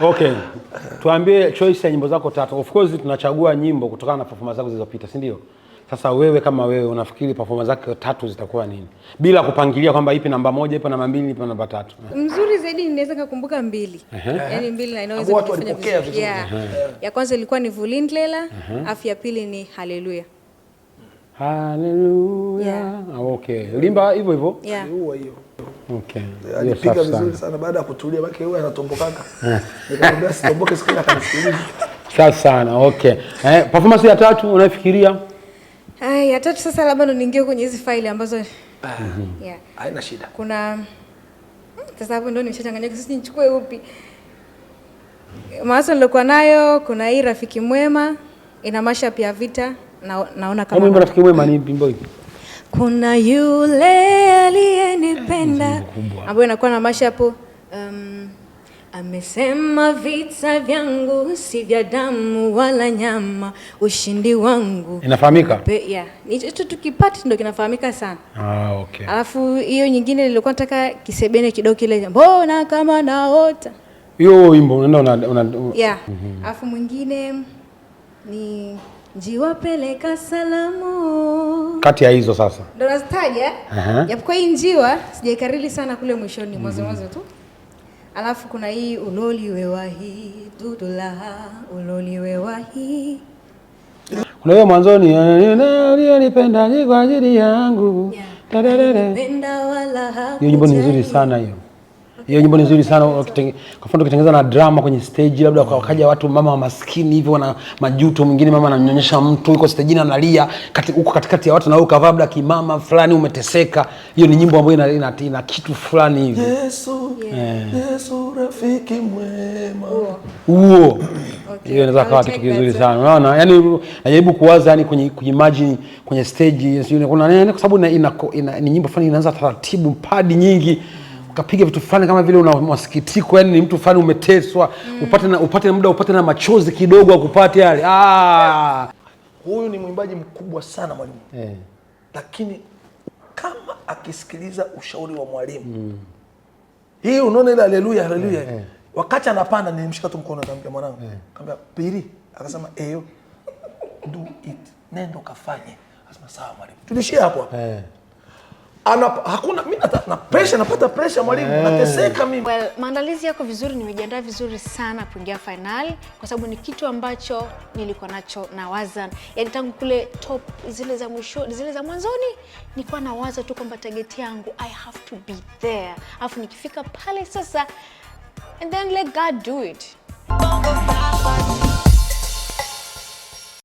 Okay. Tuambie choice ya nyimbo zako tatu. Of course tunachagua nyimbo kutokana na performance zako zilizopita, si ndio? Sasa wewe kama wewe unafikiri performance zako tatu zitakuwa nini? Bila kupangilia kwamba ipi namba moja, ipi namba mbili, ipi namba tatu. Mzuri zaidi ninaweza kukumbuka mbili. Uh -huh. Yaani mbili na inaweza kufanya vizuri. Yeah. Uh -huh. Ya kwanza ilikuwa ni Vulindlela, uh -huh. Afya pili ni Haleluya. Haleluya. Okay. Limba hivyo hivyo. Haleluya hiyo. Okay. Alipiga vizuri sana baada ya kutulia baki yeye anatombokaka. Eh. Nikamwambia sitomboke ya kanisikiliza. Sasa sana. Okay. Eh, performance ya tatu unafikiria? Ah, ya tatu sasa labda ndo niingie kwenye hizi faili ambazo mm -hmm. Yeah. Haina shida. Kuna hmm, sasa hapo ndo kwa sisi nichukue upi? Mawazo nilikuwa nayo kuna hii rafiki mwema ina mashup ya vita na naona kama Rafiki mwema ni wimbo ipi? kuna yule aliyenipenda ambayo inakuwa na mashapo hapo um, amesema vita vyangu si vya damu wala nyama, ushindi wangu inafahamika. Yeah, hicho tukipata ndo kinafahamika sana. Ah, okay. Alafu hiyo nyingine nilikuwa nataka kisebene kidogo kile, mbona kama naota hiyo wimbo unaenda una, una... yeah. mm -hmm. Alafu mwingine ni njiwapeleka salamu kati ya hizo sasa ndo nazitaja, japokuwa hii njiwa sijaikarili sana kule mwishoni mwanzo mwanzo tu, alafu kuna hii uloli wewahi dudula uloli wewahi kuna hiyo mwanzoni, ni kwa ajili yangu, hiyo nyimbo ni nzuri sana hiyo hiyo nyimbo ni nzuri sana. Kwa mfano ukitengeneza na drama kwenye stage, labda wakaja watu mama wa maskini hivyo na majuto, mwingine mama ananyonyesha mtu, yuko stage na analia kati huko katikati ya watu, na wewe ukavaa labda kimama fulani umeteseka. Hiyo ni nyimbo ambayo ina, ina, kitu fulani hivi. Yesu, yeah. Yesu rafiki mwema huo hiyo inaweza kawa kitu kizuri sana, unaona. Yani najaribu kuwaza, yani kwenye kuimagine kwenye stage, yes, kuna kwa sababu ina, ni nyimbo fulani inaanza taratibu, padi nyingi mm ukapiga vitu fulani kama vile una masikitiko, yani ni mtu fulani umeteswa, mm. upate na upate muda upate na machozi kidogo akupate yale. Ah, huyu ni mwimbaji mkubwa sana mwalimu eh. Lakini kama akisikiliza ushauri wa mwalimu mm. hii unaona ile haleluya haleluya eh, eh. Wakati anapanda nilimshika tu mkono, nikamwambia mwanangu, eh. nikamwambia pili, akasema eyo do it, nenda ukafanye. Akasema sawa mwalimu, tulishia hapo hapo eh. Anap, hakuna mimi na pressure napata pressure mwalimu, yeah. Nateseka mimi. Well, maandalizi yako vizuri, nimejiandaa vizuri sana kuingia finali kwa sababu ni kitu ambacho nilikuwa nacho na wazan, yaani tangu kule top zile za mwisho zile za mwanzoni nilikuwa na waza tu kwamba target yangu I have to be there, alafu nikifika pale sasa and then let God do it.